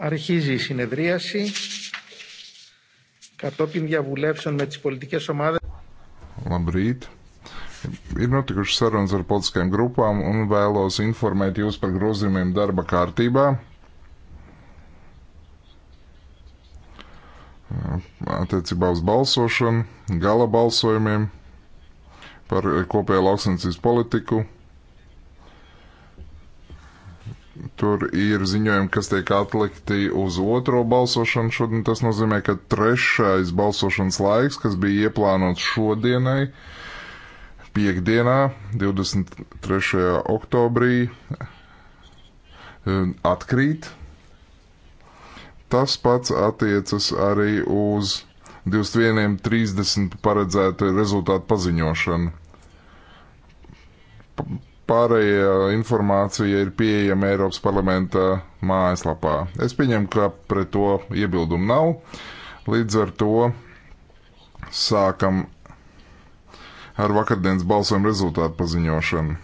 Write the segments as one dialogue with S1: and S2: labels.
S1: Αρχίζει η συνεδρίαση κατόπιν διαβουλεύσεων με τις πολιτικές ομάδες. Labrīt! Ir notikušas sarunas ar politiskajām grupām un vēlos informēt jūs par grozījumiem darba kārtībā. Attiecībā uz balsošanu, gala balsojumiem par kopējo lauksaimniecības politiku. Tur ir ziņojumi, kas tiek atlikti uz otro balsošanu šodien. Tas nozīmē, ka trešais balsošanas laiks, kas bija ieplānots šodienai, piekdienā, 23. oktobrī, eh, atkrīt. Tas pats attiecas arī uz 21.30 paredzētu rezultātu paziņošanu Pārējā informācija ir pieejama Eiropas parlamenta mājaslapā. Es pieņemu, ka pret to iebildumu nav. Līdz ar to sākam ar vakardienas balsojumu rezultātu paziņošanu.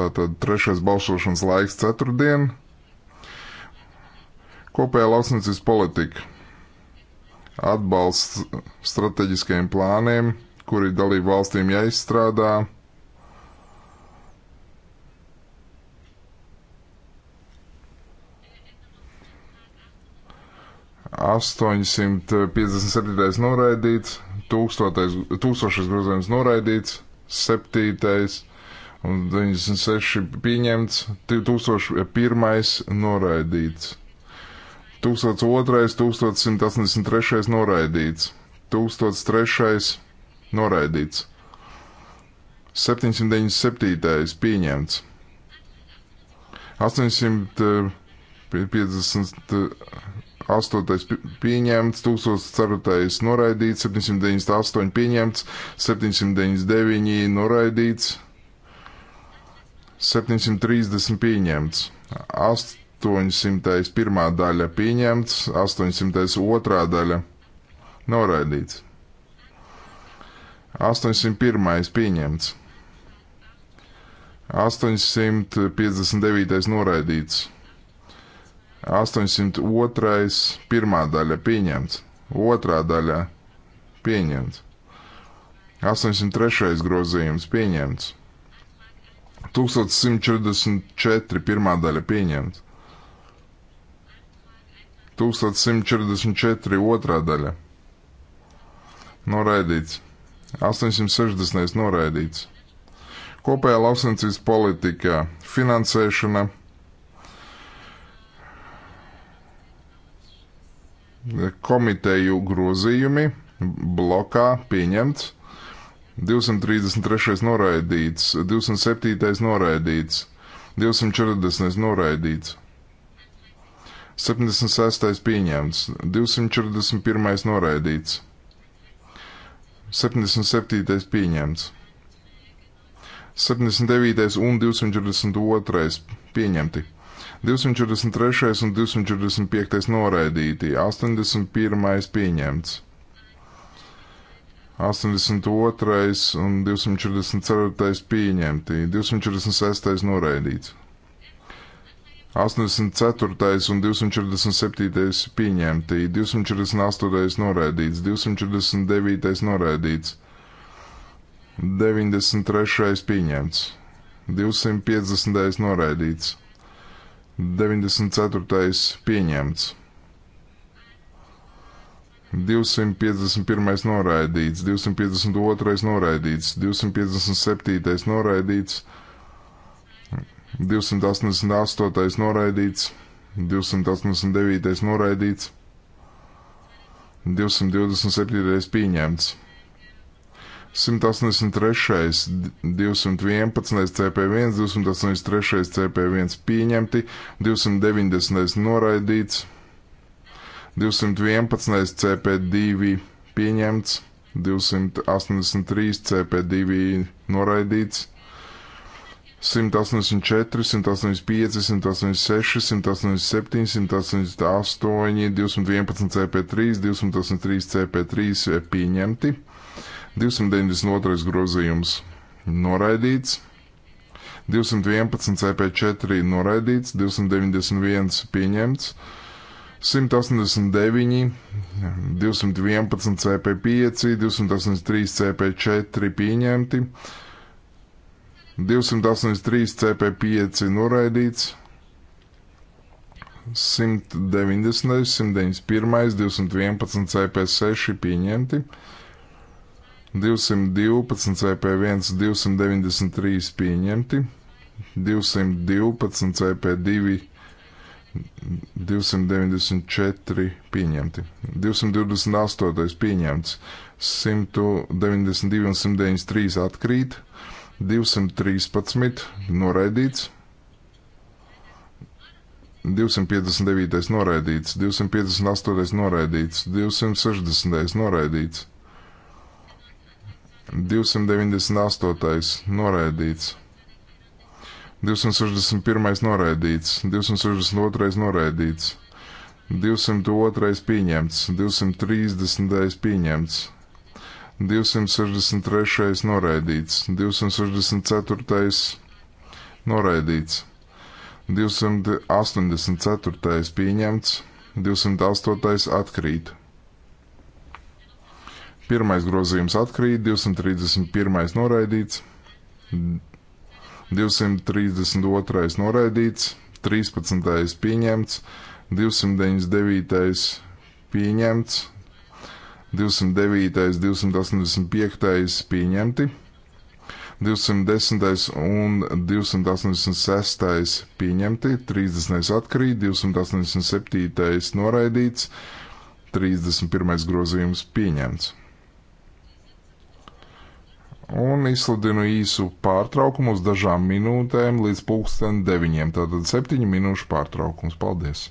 S1: Tātad trešais balsošanas laiks ceturtdien. Kopējā lauksnicības politika. Atbalsts strateģiskajiem plāniem, kuri dalību valstīm jāizstrādā 857. noraidīts, 1000. 1000 grozījums noraidīts, 7. un 96. pieņemts, 2001. Eh, noraidīts, 1002. 1183. noraidīts, 1003. noraidīts, 797. pieņemts, 850. 8. pieņemts, 1004. noraidīts, 798. pieņemts, 799. noraidīts, 730. pieņemts, 801. daļa pieņemts, 802. daļa noraidīts, 801. pieņemts, 859. noraidīts. 802. pirmā daļa pieņemts, otrā daļa pieņemts, 803. grozījums pieņemts, 1144. pirmā daļa pieņemts, 1144. otrā daļa noraidīts, 860. noraidīts. Kopējā lauksaimniecības politikā finansēšana 1,5 komiteju grozījumi blokā pieņemts, 233. noraidīts, 207. noraidīts, 240. noraidīts, 76. pieņemts, 241. noraidīts, 77. pieņemts, 79. un 242. pieņemti. 243. un 245. noraidīti, 81. pieņemts. 82. un 244. pieņemti, 246. noraidīts. 84. un 247. pieņemti, 248. noraidīts, 249. noraidīts, 93. pieņemts, 250. noraidīts. 94. pieņemts. 251. noraidīts, 252. noraidīts, 257. noraidīts, 288. noraidīts, 289. noraidīts, 227. pieņemts. 183, 211 CP1, 283 CP1 pieņemti, 290 noraidīts, 211 CP2 pieņemts, 283 CP2 noraidīts, 184, 185, 186, 187, 188, 211 CP3, 283 CP3 pieņemti. 292. grozījums noraidīts, 211 CP4 noraidīts, 291 pieņemts, 189, 211 CP5, 283 CP4 pieņemti, 283 CP5 noraidīts, 190, 191, 211 CP6 pieņemti. 212 CP1, 293 pieņemti, 212 CP2, 294 pieņemti, 228 pieņemts, 192 un 193 atkrīt, 213 noraidīts, 259 noraidīts, 258 noraidīts, 260 noraidīts. 298. noraidīts. 261. noraidīts, 262. noraidīts, 202. pieņemts, 230. pieņemts, 263. noraidīts, 264. noraidīts, 284. pieņemts, 208. atkrīt. Pirmais grozījums atkrīt, 231. noraidīts, 232. noraidīts, 13. pieņemts, 299. pieņemts, 209. 285. pieņemti, 210. un 286. pieņemti, 30. atkrīt, 287. noraidīts, 31. grozījums pieņemts un izsludinu īsu pārtraukumu uz dažām minūtēm līdz pulksten deviņiem. Tātad septiņu minūšu pārtraukums. Paldies!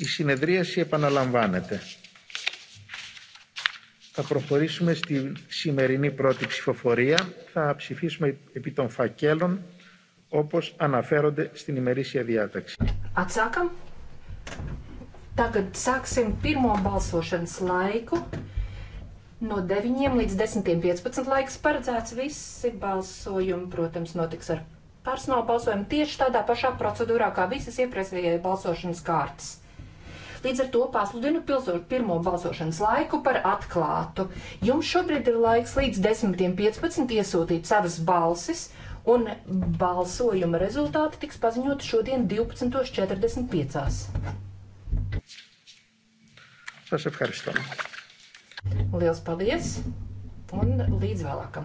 S1: η συνεδρίαση επαναλαμβάνεται. Θα
S2: προχωρήσουμε στη σημερινή πρώτη ψηφοφορία. Θα ψηφίσουμε επί των φακέλων όπως αναφέρονται στην ημερήσια διάταξη. Atsākam. Tagad sāksim pirmo balsošanas laiku. No 9 līdz 10.15 laiks paredzēts visi balsojumi, protams, notiks ar personāla balsojumu tieši tādā pašā procedūrā kā visas iepriekšējās balsošanas kārtas. Līdz ar to pasludinu pilsot pirmo balsošanas laiku par atklātu. Jums šobrīd ir laiks līdz 10.15 iesūtīt savas balsis, un balsojuma rezultāti tiks paziņoti šodien 12.45. Σας ευχαριστώ. Liels paldies un līdz vēlākam!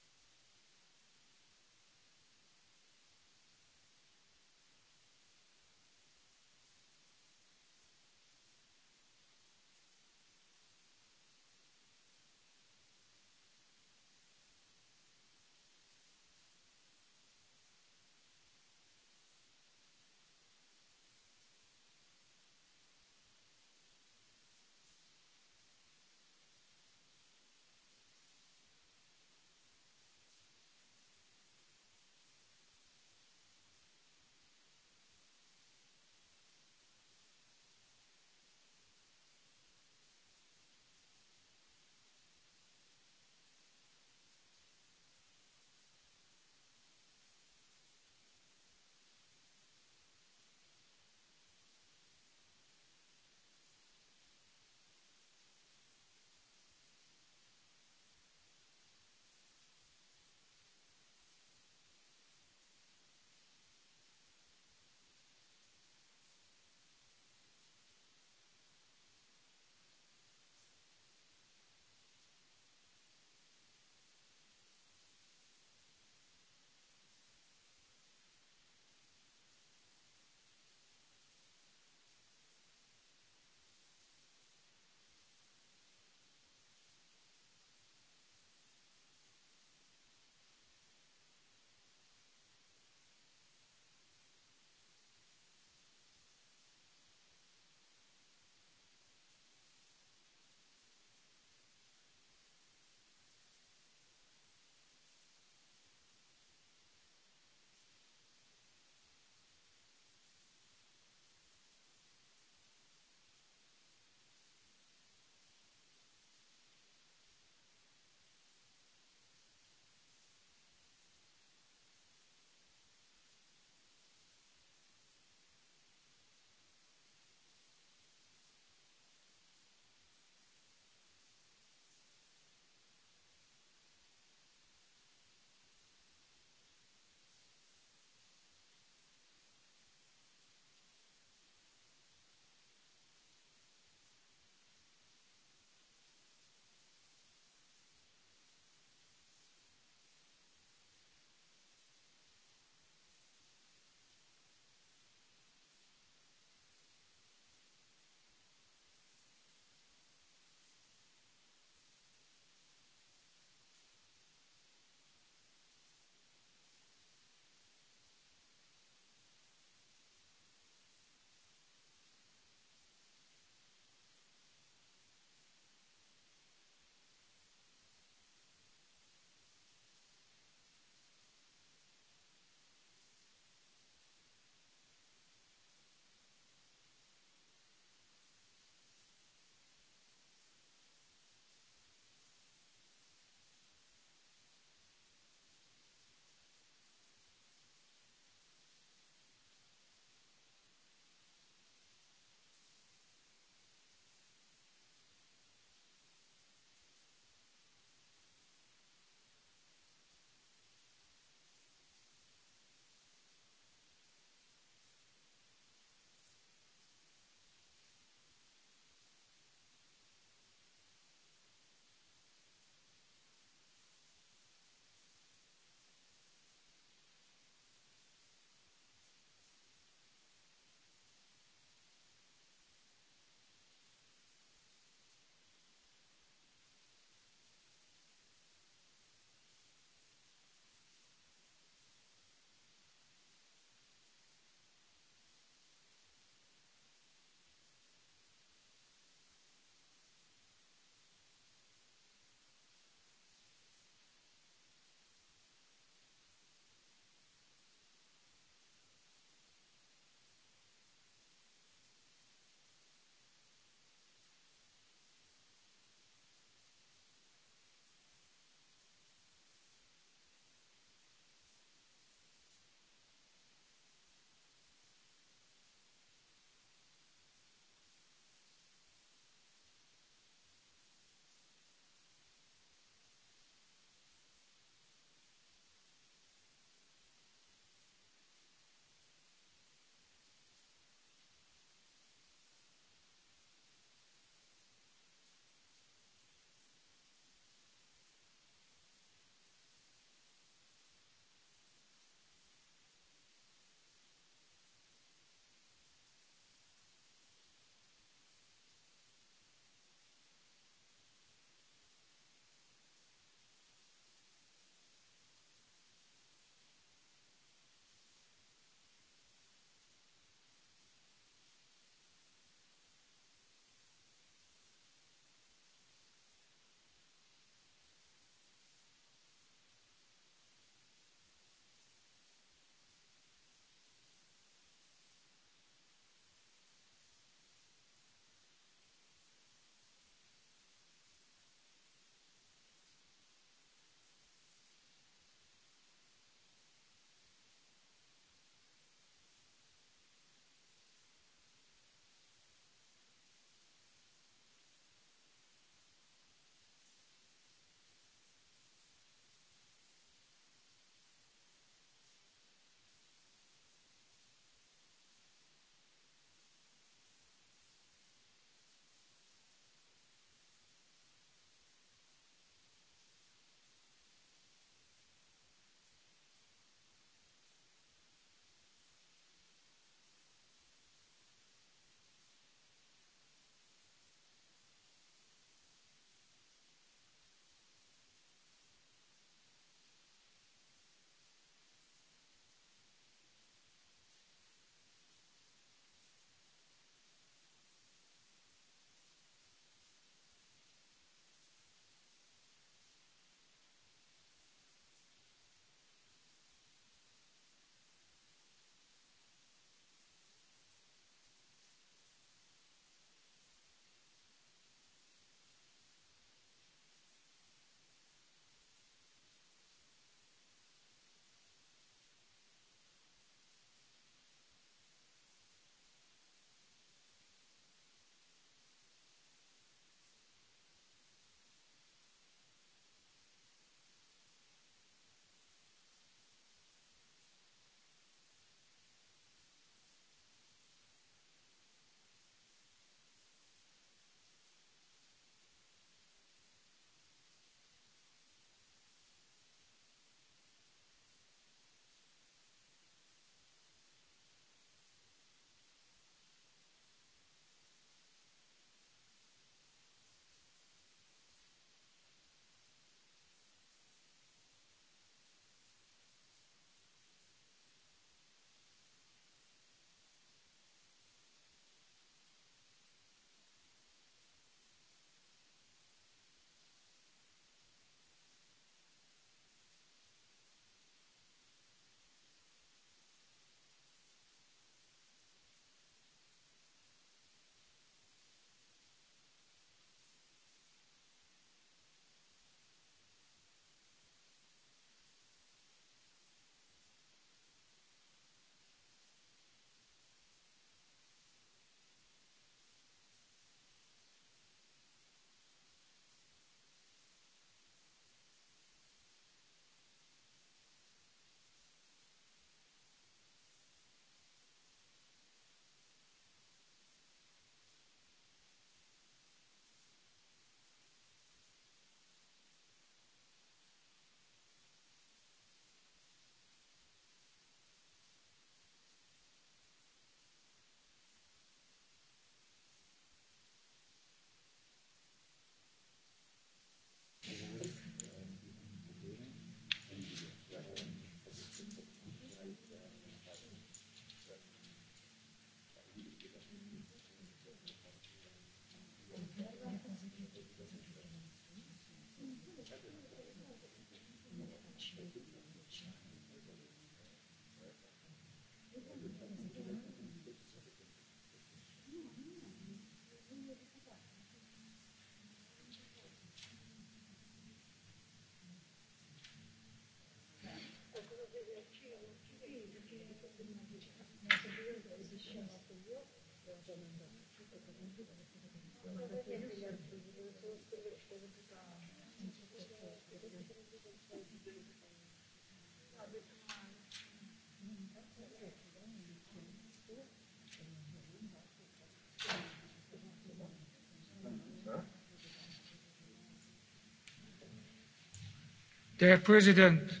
S2: Der Herr Präsident.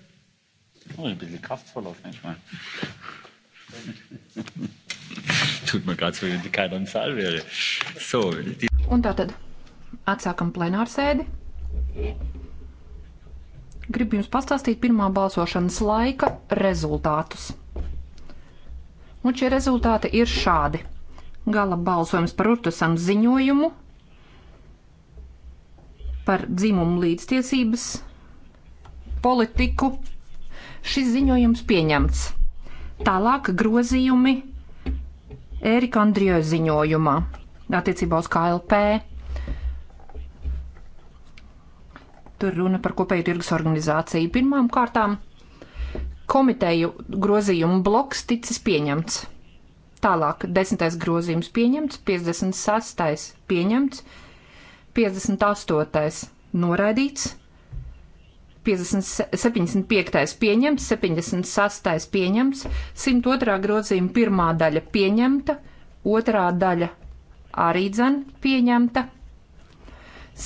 S2: Oh, ein bisschen kraftvoll auf manchmal. Tut man kāds, vai kādam salvēri. So, die... Un tātad atsākam plenārsēdi. Gribu jums pastāstīt pirmā balsošanas laika rezultātus. Un šie rezultāti ir šādi. Gala balsojums par Urtusam ziņojumu par dzimumu līdztiesības politiku. Šis ziņojums pieņemts. Tālāk grozījumi Ērika Andrija ziņojumā attiecībā uz KLP. Tur runa par kopēju tirgus organizāciju. Pirmām kārtām komiteju grozījumu bloks ticis pieņemts. Tālāk 10. grozījums pieņemts, 56. pieņemts, 58. noraidīts, 50, 75. pieņemts, 76. pieņemts, 102. grozījuma pirmā daļa pieņemta, otrā daļa arī dzen pieņemta,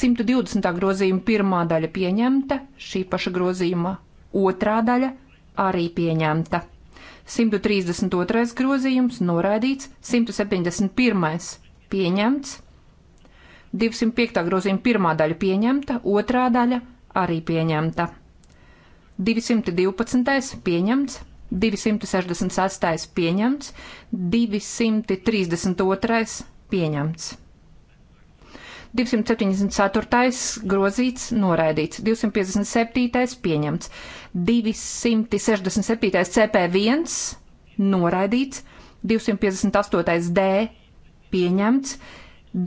S2: 120. grozījuma pirmā daļa pieņemta, šī paša grozījuma otrā daļa arī pieņemta. 132. grozījums noraidīts, 171. pieņemts, 205. grozījuma pirmā daļa pieņemta, otrā daļa pieņemta arī pieņemta. 212. pieņemts, 268. pieņemts, 232. pieņemts. 274. grozīts, noraidīts, 257. pieņemts, 267. CP1 noraidīts, 258. D pieņemts,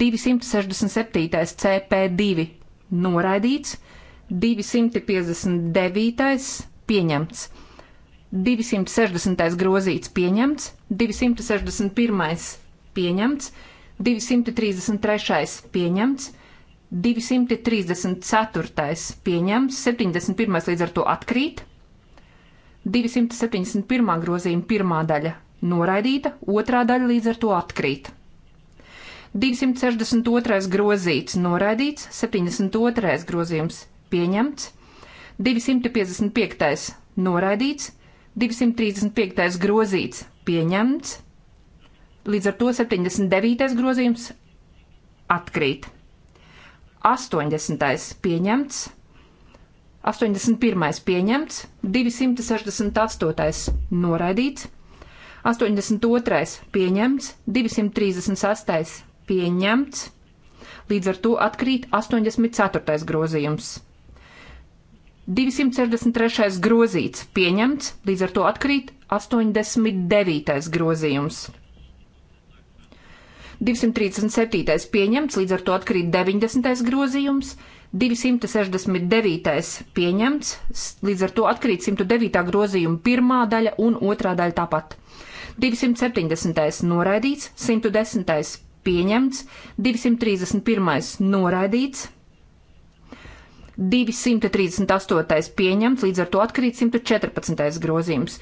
S2: 267. CP2 noraidīts, 259. pieņemts. 260. grozīts pieņemts, 261. pieņemts, 233. pieņemts, 234. pieņemts, 71. līdz ar to atkrīt, 271. grozījuma pirmā daļa noraidīta, otrā daļa līdz ar to atkrīt. 262. grozīts noraidīts, 72. grozījums pieņemts, 255. noraidīts, 235. grozīts pieņemts, līdz ar to 79. grozījums atkrīt. 80. pieņemts, 81. pieņemts, 268. noraidīts, 82. pieņemts, 236. pieņemts, līdz ar to atkrīt 84. grozījums. 263. grozīts pieņemts, līdz ar to atkrīt 89. grozījums. 237. pieņemts, līdz ar to atkrīt 90. grozījums, 269. pieņemts, līdz ar to atkrīt 109. grozījuma pirmā daļa un otrā daļa tāpat. 270. noraidīts, 110. pieņemts, 231. noraidīts, 238. pieņemts, līdz ar to atkrīt 114. grozījums.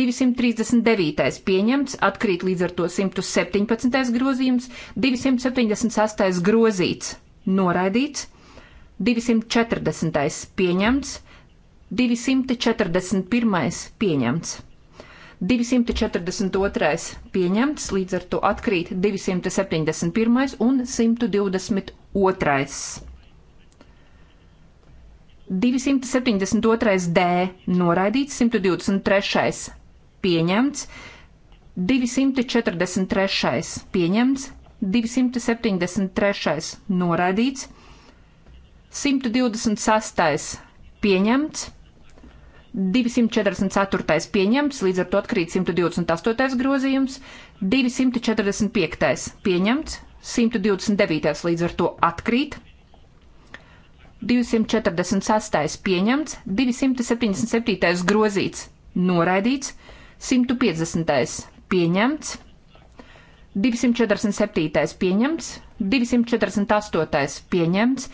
S2: 239. pieņemts, atkrīt līdz ar to 117. grozījums, 276. grozīts, noraidīts, 240. pieņemts, 241. pieņemts. 242. pieņemts, līdz ar to atkrīt 271. un 122. 272. D noraidīts, 123. pieņemts, 243. pieņemts, 273. noraidīts, 126. pieņemts, 244. pieņemts, līdz ar to atkrīt 128. grozījums, 245. pieņemts, 129. līdz ar to atkrīt, 246. pieņemts, 277. grozīts, noraidīts, 150. pieņemts, 247. pieņemts, 248. pieņemts,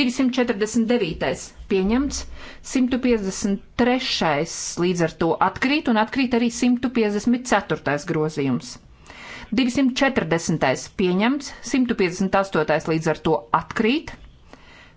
S2: 249. pieņemts, 153. līdz ar to atkrīt un atkrīt arī 154. grozījums. 240. pieņemts, 158. līdz ar to atkrīt,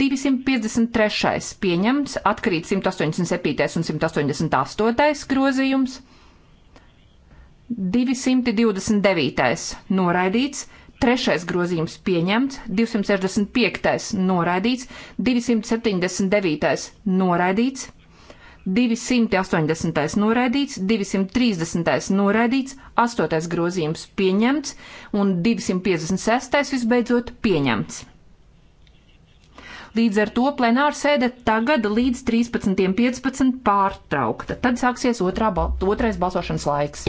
S2: 253. pieņemts, atkrīt 187. un 188. grozījums, 229. noraidīts, 3. grozījums pieņemts, 265. noraidīts, 279. noraidīts, 280. noraidīts, 230. noraidīts, 8. grozījums pieņemts un 256. visbeidzot pieņemts. Līdz ar to plenāra sēde tagad līdz 13.15 pārtraukta. Tad sāksies otrā, bal otrais balsošanas laiks.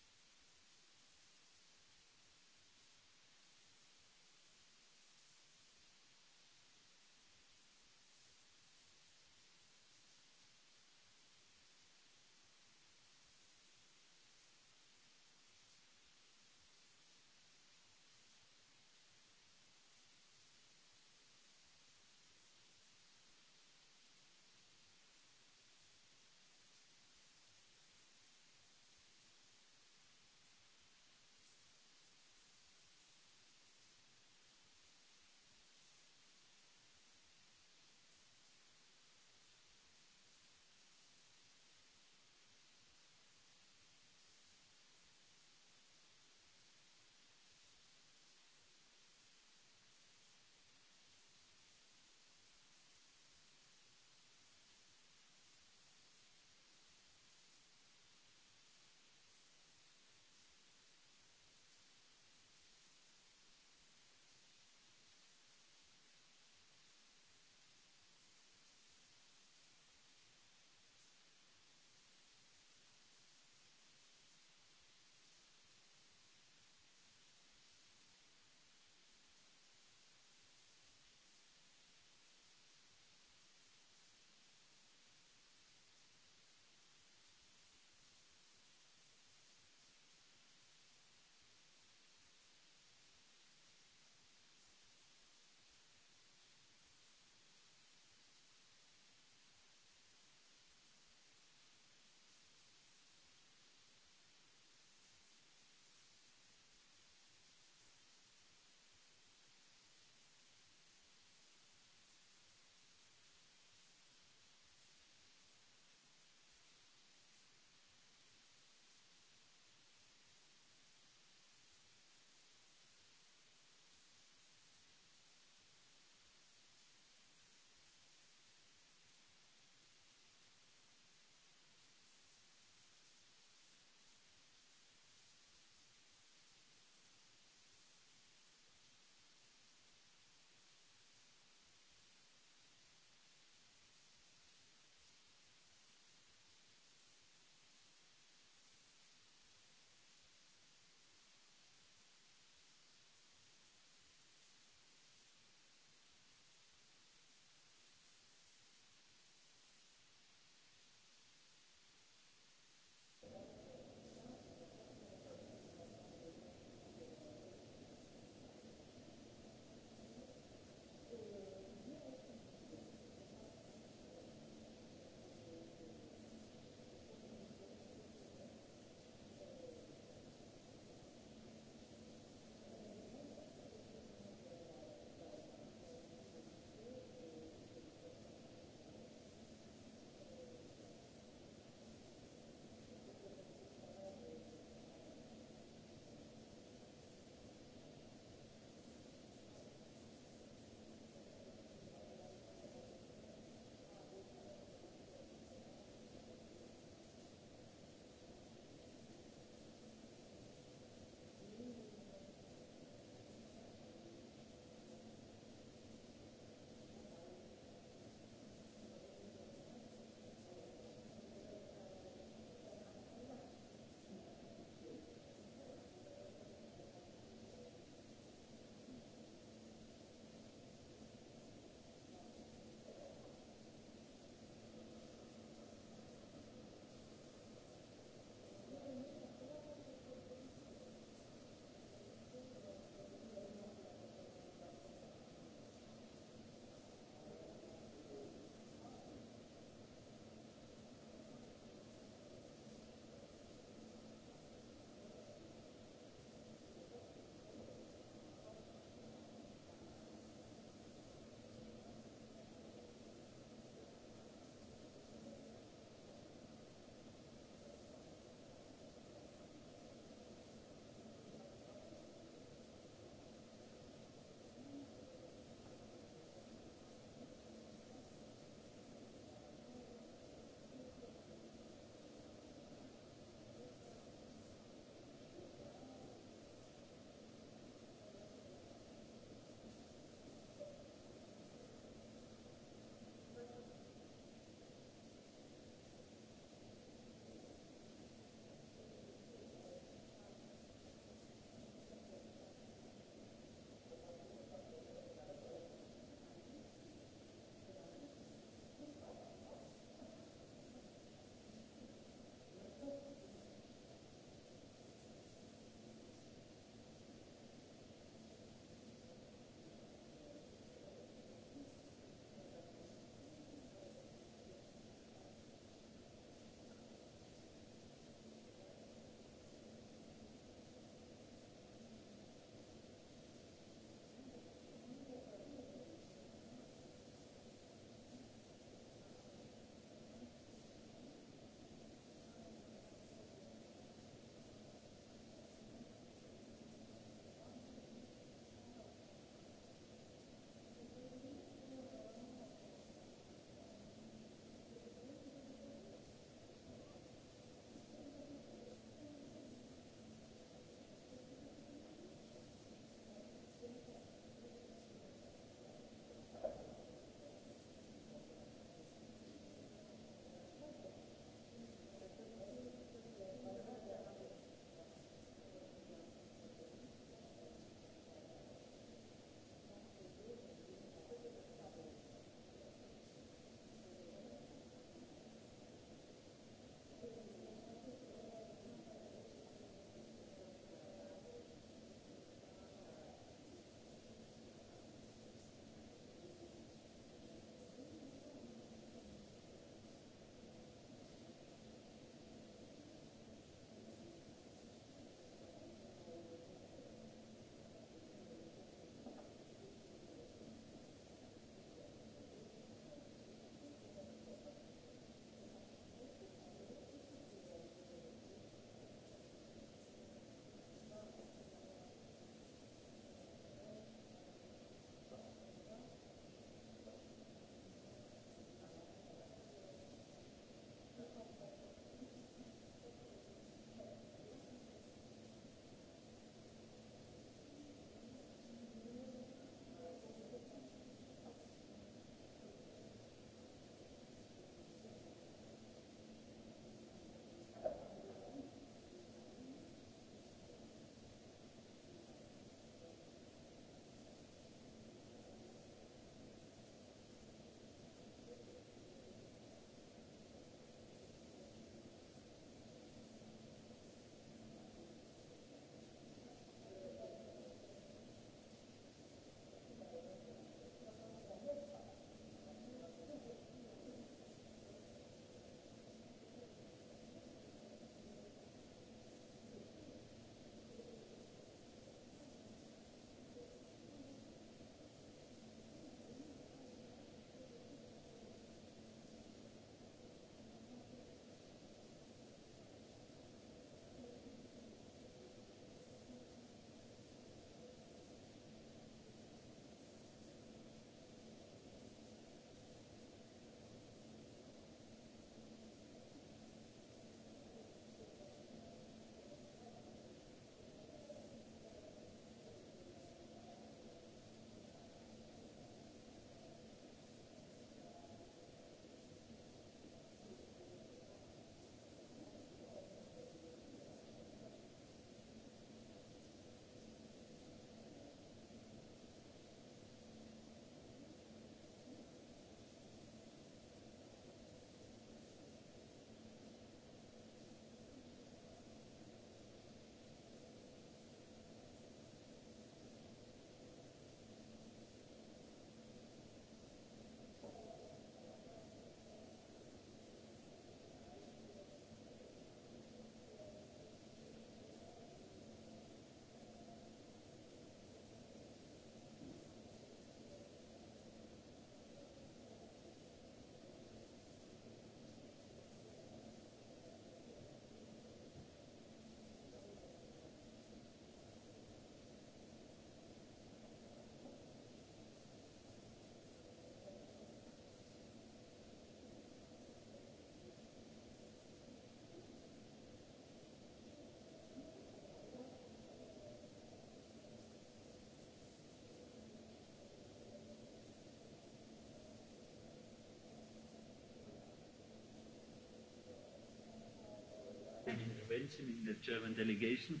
S1: Belgium in the German delegation.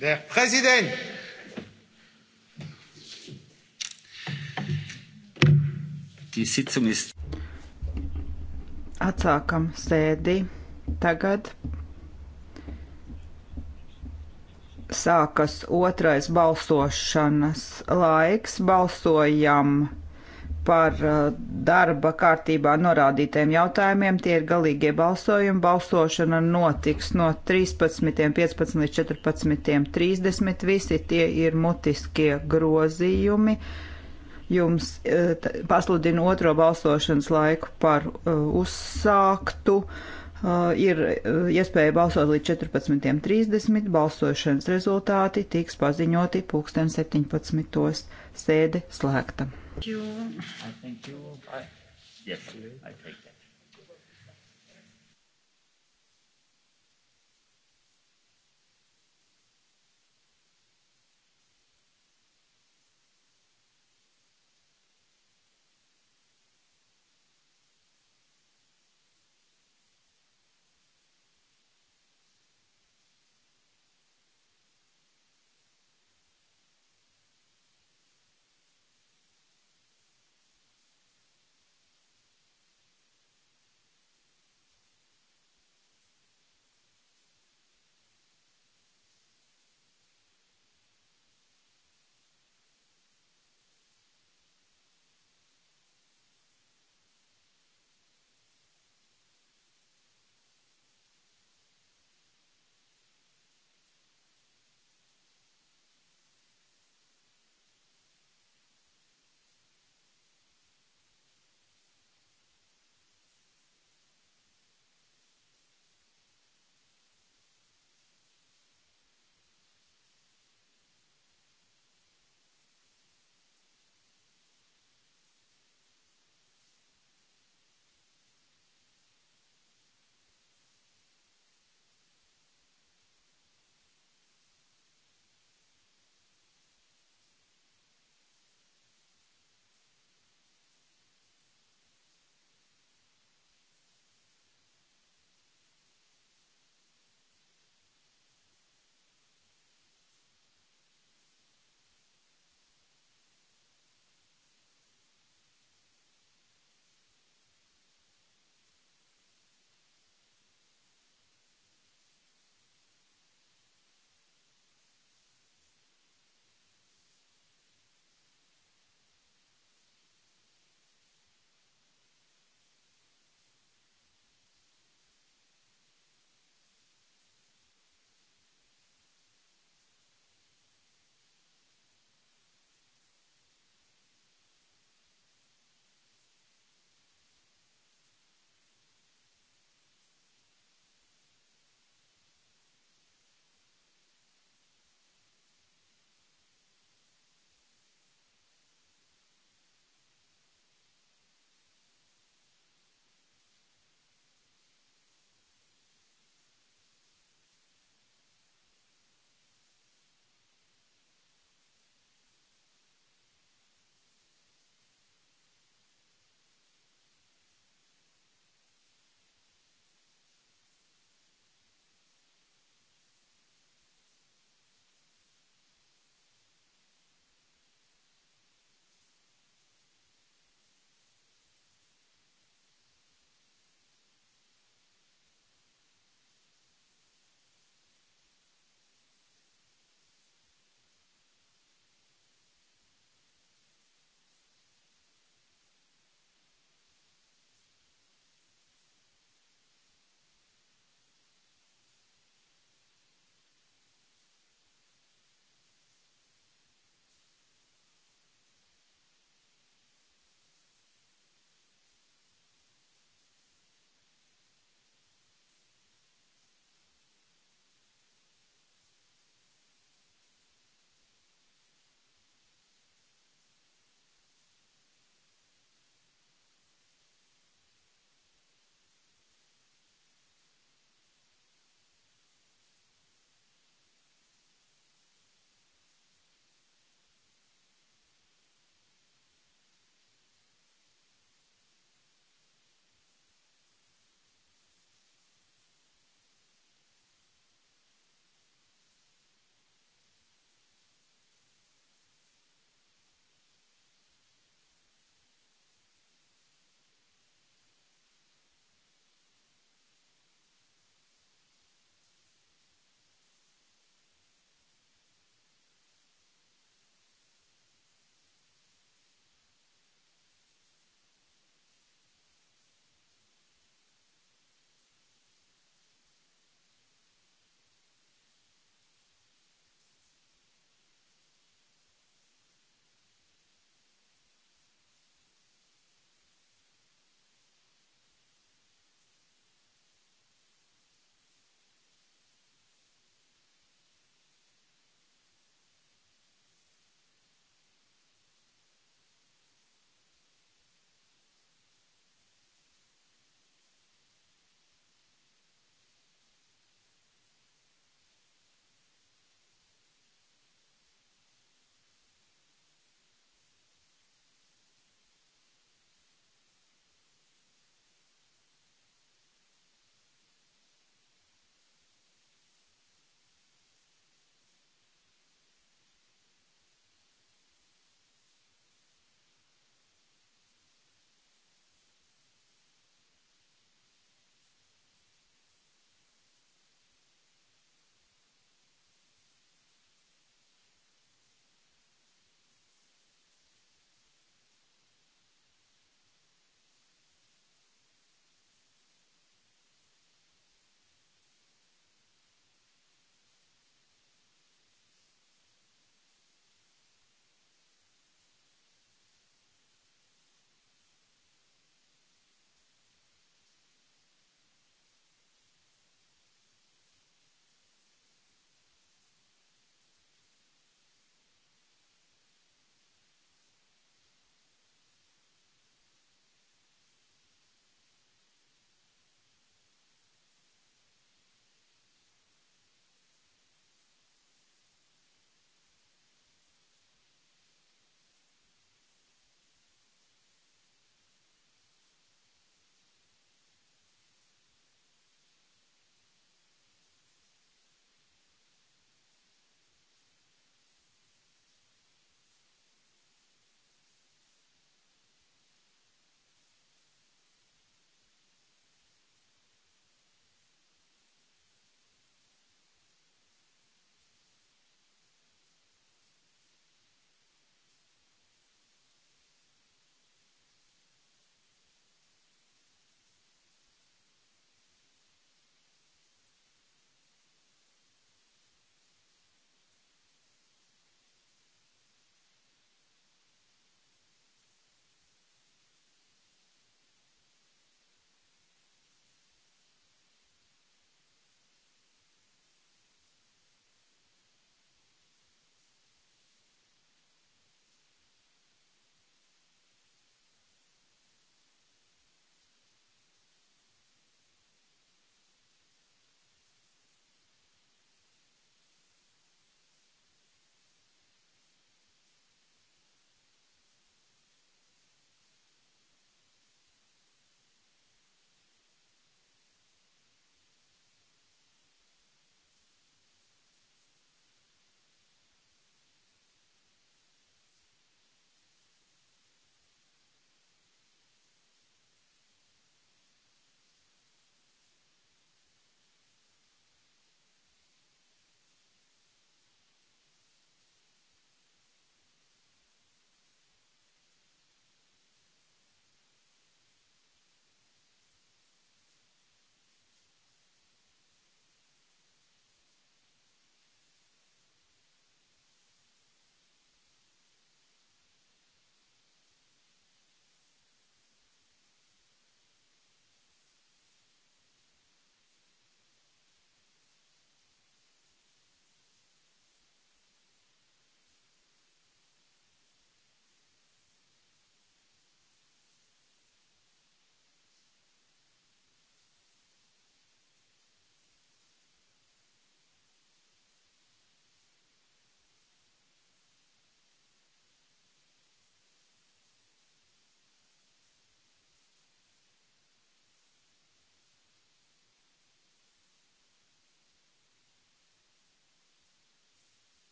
S2: Der Präsident! Die Sitzung ist. Atsākam sēdi. Tagad sākas otrais balsošanas laiks. Balsojam par uh, darba kārtībā norādītiem jautājumiem. Tie ir galīgie balsojumi. Balsošana notiks no 13.15 līdz 14.30. Visi tie ir mutiskie grozījumi. Jums uh, pasludinu otro balsošanas laiku par uh, uzsāktu. Ir iespēja balsot līdz 14.30. Balsošanas rezultāti tiks paziņoti 17.00. Sēde slēgta. Thank you. I thank you. I, yes, I thank you.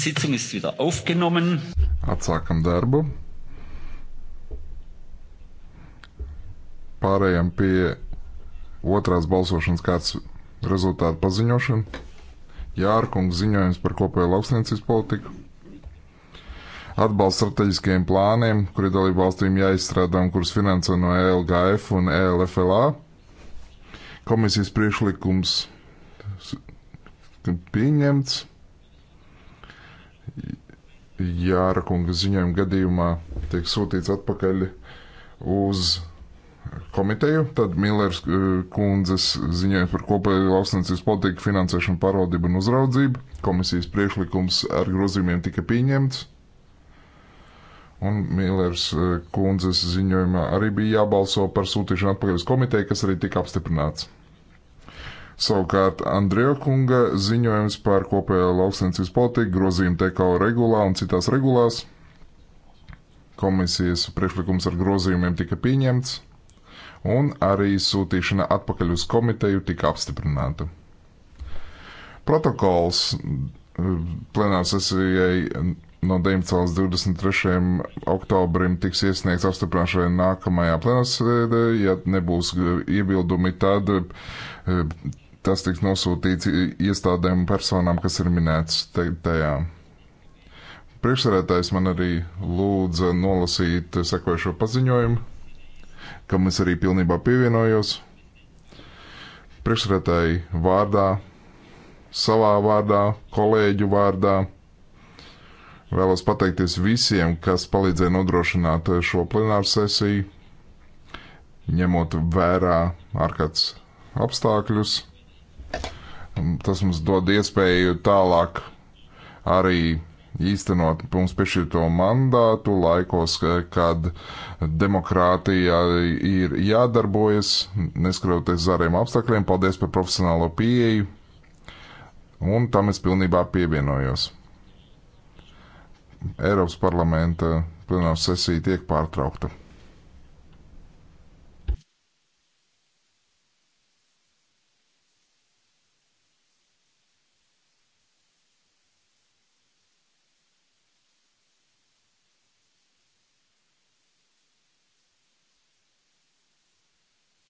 S1: Sitzung ist wieder aufgenommen. Atsākam darbu. Pārējām pie otrās balsošanas kāds rezultātu paziņošana. Jārkungs ziņojums par kopējo lauksniecības politiku. Atbalsts strateģiskajiem plāniem, kuri dalību valstīm jāizstrādā un kurus finansē no ELGF un ELFLA. Komisijas priekšlikums pieņemts Jāra kunga ziņojuma gadījumā tiek sūtīts atpakaļ uz komiteju, tad Millers eh, kundzes ziņojums par kopēju lauksniecības politiku, finansēšanu, pārvaldību un uzraudzību. Komisijas priekšlikums ar grozījumiem tika pieņemts. Un Millers eh, kundzes ziņojumā arī bija jābalso par sūtīšanu atpakaļ uz komiteju, kas arī tika apstiprināts. Savukārt Andrija kunga ziņojums par kopējo lauksainicības politiku, grozījumu tekau regulā un citās regulās. Komisijas priekšlikums ar grozījumiem tika pieņemts, un arī sūtīšana atpakaļ uz komiteju tika apstiprināta. Protokols eh, plenārsesijai no 19. līdz 23. oktobrim tiks iesniegts apstiprināšanai nākamajā plenārsēdē. Ja nebūs eh, iebildumi, tad eh, tas tiks nosūtīts iestādēm personām, kas ir minētas tajā. Priekšsarētājs man arī lūdza nolasīt sekojošo paziņojumu, kam es arī pilnībā pievienojos. Priekšsarētāji vārdā, savā vārdā, kolēģu vārdā. Vēlos pateikties visiem, kas palīdzēja nodrošināt šo plenāru sesiju, ņemot vērā ārkārtas apstākļus. Tas mums dod iespēju tālāk arī īstenot mums piešķirto mandātu laikos, kad demokrātija ir jādarbojas, neskatoties zariem apstākļiem. Paldies par profesionālo pieeju, un tam es pilnībā pievienojos. Eiropas parlamenta plenāra sesija tiek pārtraukta.